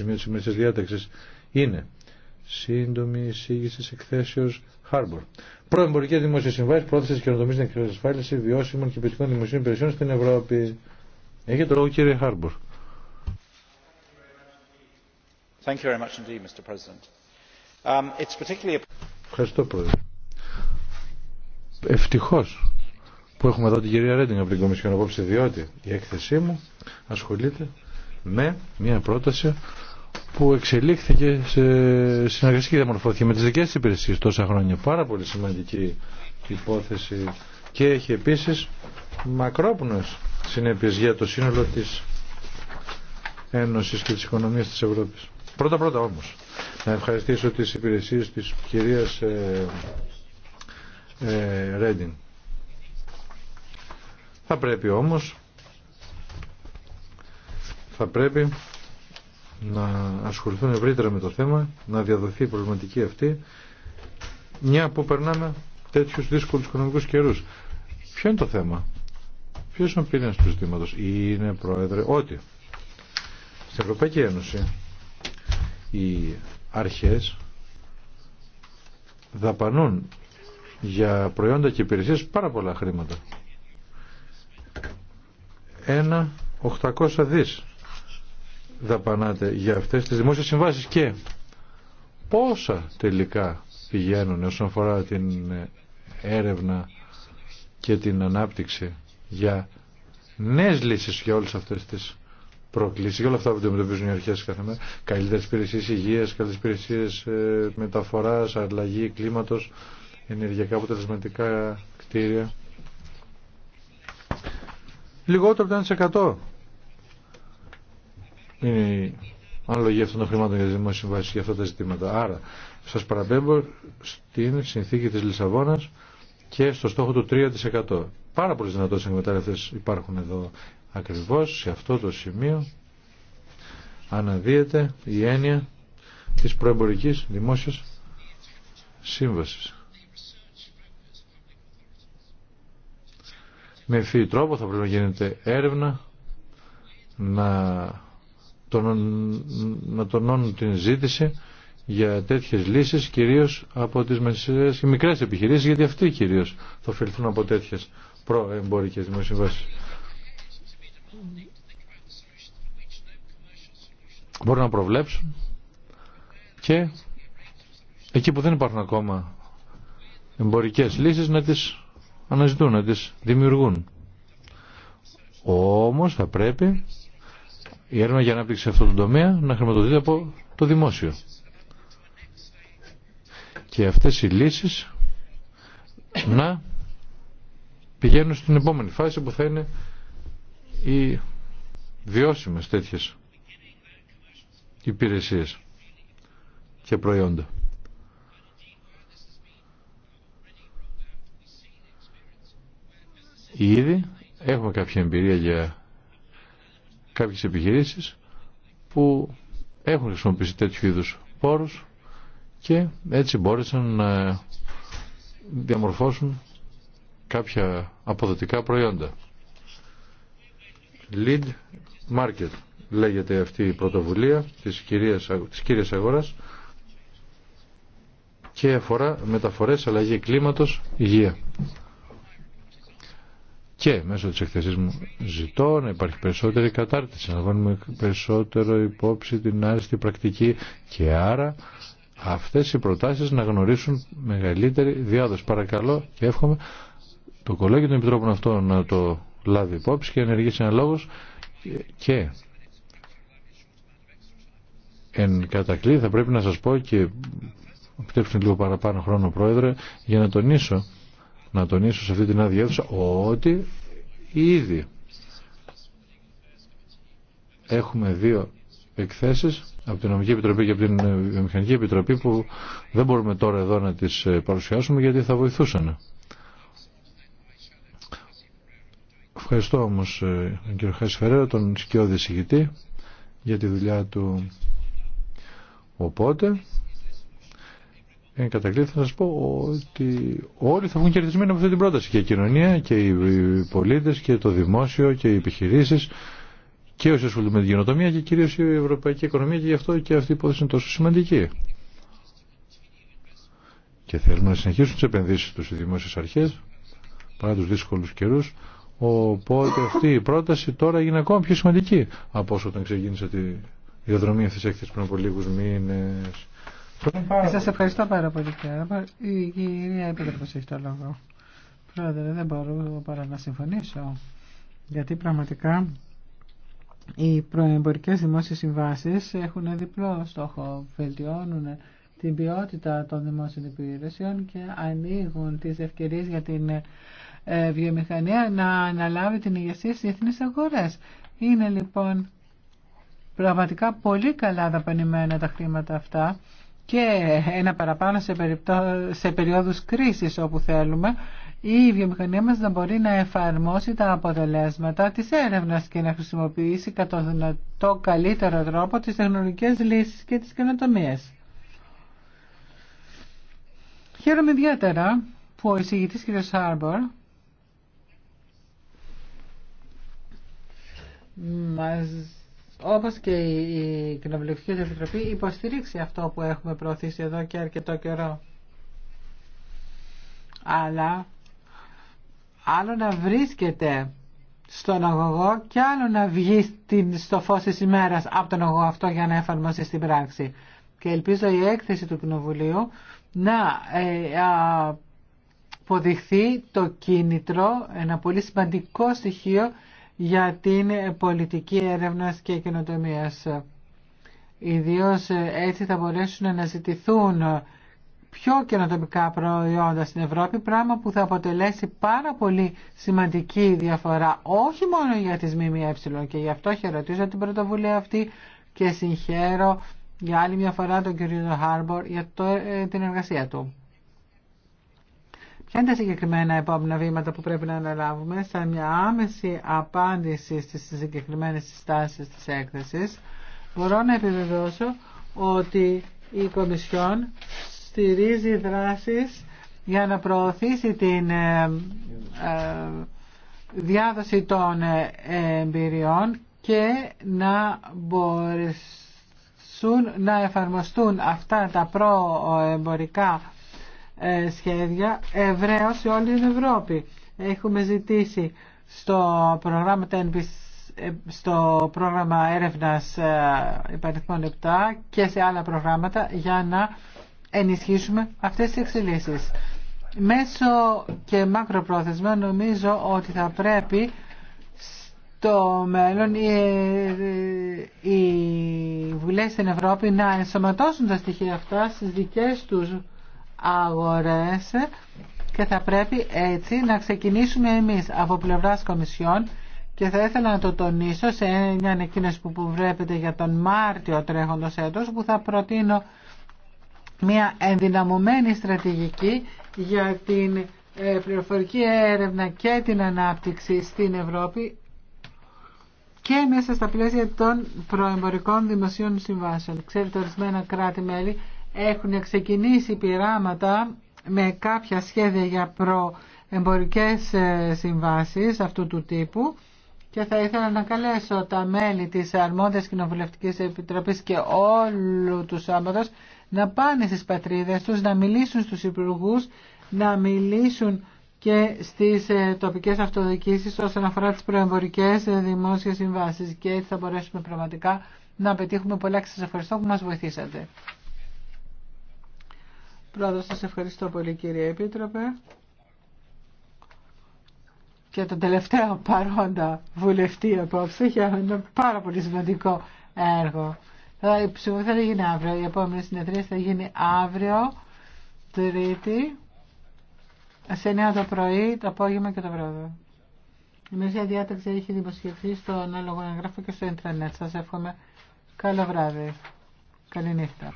σημείο της σημερινής διάταξης είναι σύντομη εισήγηση εκθέσεως Harbor. Προεμπορικέ δημόσιε συμβάσει, πρόθεση και καινοτομία στην εξασφάλιση βιώσιμων και ποιοτικών δημοσίων υπηρεσιών στην Ευρώπη. Έχει το λόγο, κύριε Χάρμπορ. Um, Ευχαριστώ, Πρόεδρε. Ευτυχώ που έχουμε εδώ την κυρία Ρέντινγκ από την Κομισιόν απόψε, διότι η έκθεσή μου ασχολείται με μια πρόταση που εξελίχθηκε σε συνεργασία και διαμορφώθηκε με τις δικές της υπηρεσίες τόσα χρόνια. Πάρα πολύ σημαντική υπόθεση και έχει επίσης μακρόπνοες συνέπειες για το σύνολο της Ένωσης και της οικονομίας της Ευρώπης. Πρώτα πρώτα όμως να ευχαριστήσω τις υπηρεσίες της κυρίας ε, ε, Ρέντιν. Θα πρέπει όμως θα πρέπει να ασχοληθούν ευρύτερα με το θέμα, να διαδοθεί η προβληματική αυτή, μια που περνάμε τέτοιου δύσκολου οικονομικού καιρού. Ποιο είναι το θέμα, ποιο είναι ο πυρήνα του ζητήματο, είναι πρόεδρε, ότι στην Ευρωπαϊκή Ένωση οι αρχέ δαπανούν για προϊόντα και υπηρεσίες πάρα πολλά χρήματα. Ένα 800 δις δαπανάτε για αυτές τις δημόσιες συμβάσεις και πόσα τελικά πηγαίνουν όσον αφορά την έρευνα και την ανάπτυξη για νέες λύσεις για όλες αυτές τις προκλήσεις και όλα αυτά που αντιμετωπίζουν οι αρχές κάθε μέρα. Καλύτερες υπηρεσίες υγείας, καλύτερες υπηρεσίες ε, μεταφοράς, αλλαγή κλίματος, ενεργειακά αποτελεσματικά κτίρια. Λιγότερο από το 1% είναι η αναλογία αυτών των χρημάτων για τι δημόσιε συμβάσει για αυτά τα ζητήματα. Άρα, σα παραπέμπω στην συνθήκη τη Λισαβόνα και στο στόχο του 3%. Πάρα πολλέ δυνατότητε εκμετάλλευτε υπάρχουν εδώ ακριβώ σε αυτό το σημείο. Αναδύεται η έννοια τη προεμπορική δημόσια σύμβαση. Με ευθύ τρόπο θα πρέπει να γίνεται έρευνα να να τονώνουν την ζήτηση για τέτοιες λύσεις κυρίως από τις μεσαίες και μικρές επιχειρήσεις γιατί αυτοί κυρίως θα ωφεληθούν από τέτοιες προεμπορικές δημοσιοβάσεις. Μπορούν να προβλέψουν και εκεί που δεν υπάρχουν ακόμα εμπορικές λύσεις να τις αναζητούν, να τις δημιουργούν. Όμως θα πρέπει η έρευνα για ανάπτυξη σε αυτό τον τομέα να χρηματοδοτείται από το δημόσιο. Και αυτές οι λύσεις να πηγαίνουν στην επόμενη φάση που θα είναι οι βιώσιμες τέτοιες υπηρεσίες και προϊόντα. Ήδη έχουμε κάποια εμπειρία για κάποιες επιχειρήσεις που έχουν χρησιμοποιήσει τέτοιου είδους πόρους και έτσι μπόρεσαν να διαμορφώσουν κάποια αποδοτικά προϊόντα. Lead Market λέγεται αυτή η πρωτοβουλία της κυρίας, της κυρίας αγοράς και αφορά μεταφορές, αλλαγή κλίματος, υγεία. Και μέσω της εκθεσής μου ζητώ να υπάρχει περισσότερη κατάρτιση, να βάλουμε περισσότερο υπόψη την άριστη πρακτική και άρα αυτές οι προτάσεις να γνωρίσουν μεγαλύτερη διάδοση. Παρακαλώ και εύχομαι το κολέγιο των επιτρόπων αυτό να το λάβει υπόψη και ενεργήσει ένα λόγος και εν κατακλεί θα πρέπει να σας πω και επιτρέψτε λίγο παραπάνω χρόνο πρόεδρε για να τονίσω να τονίσω σε αυτή την άδεια ότι ήδη έχουμε δύο εκθέσεις από την Νομική Επιτροπή και από την Βιομηχανική Επιτροπή που δεν μπορούμε τώρα εδώ να τις ε, παρουσιάσουμε γιατί θα βοηθούσαν. Ευχαριστώ όμως ε, τον κύριο Χάση τον σκιώδη συγητή για τη δουλειά του. Οπότε Εν κατακλείδη θα σας πω ότι όλοι θα βγουν κερδισμένοι από αυτή την πρόταση και η κοινωνία και οι πολίτες και το δημόσιο και οι επιχειρήσεις και όσοι ασχολούνται με την γενοτομία και κυρίως η ευρωπαϊκή οικονομία και γι' αυτό και αυτή η υπόθεση είναι τόσο σημαντική. Και θέλουμε να συνεχίσουν τις επενδύσεις τους οι δημόσιες αρχές παρά τους δύσκολους καιρούς οπότε αυτή η πρόταση τώρα έγινε ακόμα πιο σημαντική από όσο όταν ξεκίνησε τη διαδρομή αυτής τη έκθεση πριν από λίγους μήνε. Σας ευχαριστώ πάρα πολύ Η κυρία Επίτροπος έχει το λόγο. Πρόεδρε, δεν μπορώ παρά να συμφωνήσω. Γιατί πραγματικά οι προεμπορικές δημόσιες συμβάσεις έχουν διπλό στόχο. Βελτιώνουν την ποιότητα των δημόσιων υπηρεσιών και ανοίγουν τις ευκαιρίες για την ε, βιομηχανία να αναλάβει την ηγεσία στις διεθνείς αγορές. Είναι λοιπόν πραγματικά πολύ καλά δαπανημένα τα χρήματα αυτά και ένα παραπάνω σε, σε περίοδους κρίσης όπου θέλουμε η βιομηχανία μας να μπορεί να εφαρμόσει τα αποτελέσματα της έρευνας και να χρησιμοποιήσει κατά δυνατό καλύτερο τρόπο τις τεχνολογικές λύσεις και τις καινοτομίες. Χαίρομαι ιδιαίτερα που ο εισηγητής κ. Σάρμπορ μας όπως και η Κοινοβουλευτική Επιτροπή υποστηρίξει αυτό που έχουμε προωθήσει εδώ και αρκετό καιρό. Αλλά άλλο να βρίσκεται στον αγωγό και άλλο να βγει στο φως της ημέρας από τον αγωγό αυτό για να εφαρμοστεί στην πράξη. Και ελπίζω η έκθεση του Κοινοβουλίου να ε, αποδειχθεί το κίνητρο, ένα πολύ σημαντικό στοιχείο για την πολιτική έρευνας και καινοτομίας. Ιδίως έτσι θα μπορέσουν να ζητηθούν πιο καινοτομικά προϊόντα στην Ευρώπη, πράγμα που θα αποτελέσει πάρα πολύ σημαντική διαφορά, όχι μόνο για τις ΜΜΕ και γι' αυτό χαιρετίζω την πρωτοβουλία αυτή και συγχαίρω για άλλη μια φορά τον κύριο Χάρμπορ για ε, την εργασία του. Ποια είναι τα συγκεκριμένα επόμενα βήματα που πρέπει να αναλάβουμε σαν μια άμεση απάντηση στις συγκεκριμένες συστάσεις της έκθεσης. Μπορώ να επιβεβαιώσω ότι η Κομισιόν στηρίζει δράσεις για να προωθήσει την ε, ε, διάδοση των ε, εμπειριών και να μπορέσουν να εφαρμοστούν αυτά τα προεμπορικά σχέδια ευρέω σε όλη την Ευρώπη. Έχουμε ζητήσει στο πρόγραμμα, ε, στο πρόγραμμα έρευνας ε, υπαριθμών 7 και σε άλλα προγράμματα για να ενισχύσουμε αυτές τις εξελίξεις. Μέσω και μακροπρόθεσμα νομίζω ότι θα πρέπει στο μέλλον οι, ε, οι βουλές στην Ευρώπη να ενσωματώσουν τα στοιχεία αυτά στις δικές τους αγορές και θα πρέπει έτσι να ξεκινήσουμε εμείς από πλευράς Κομισιόν και θα ήθελα να το τονίσω σε μια εκείνες που βλέπετε για τον Μάρτιο τρέχοντος έτος που θα προτείνω μια ενδυναμωμένη στρατηγική για την ε, πληροφορική έρευνα και την ανάπτυξη στην Ευρώπη και μέσα στα πλαίσια των προεμπορικών δημοσίων συμβάσεων. Ξέρετε, ορισμένα κράτη-μέλη έχουν ξεκινήσει πειράματα με κάποια σχέδια για προεμπορικές ε, συμβάσεις αυτού του τύπου και θα ήθελα να καλέσω τα μέλη της Αρμόδιας Κοινοβουλευτικής Επιτροπής και όλου του σώματος να πάνε στις πατρίδες τους, να μιλήσουν στους υπουργούς, να μιλήσουν και στις ε, τοπικές αυτοδιοίκησεις όσον αφορά τις προεμπορικές ε, δημόσιες συμβάσεις και έτσι θα μπορέσουμε πραγματικά να πετύχουμε πολλά και ευχαριστώ που μας βοηθήσατε. Πρόεδρε, σας ευχαριστώ πολύ κύριε Επίτροπε και τον τελευταίο παρόντα βουλευτή απόψε για ένα πάρα πολύ σημαντικό έργο. Η θα γίνει αύριο. Η επόμενη συνεδρία θα γίνει αύριο, Τρίτη, σε 9 το πρωί, το απόγευμα και το βράδυ. Η μεσαία διάταξη έχει δημοσιευθεί στον ανάλογο εγγράφο και στο ίντρανετ. Σας εύχομαι καλό βράδυ. Καληνύχτα.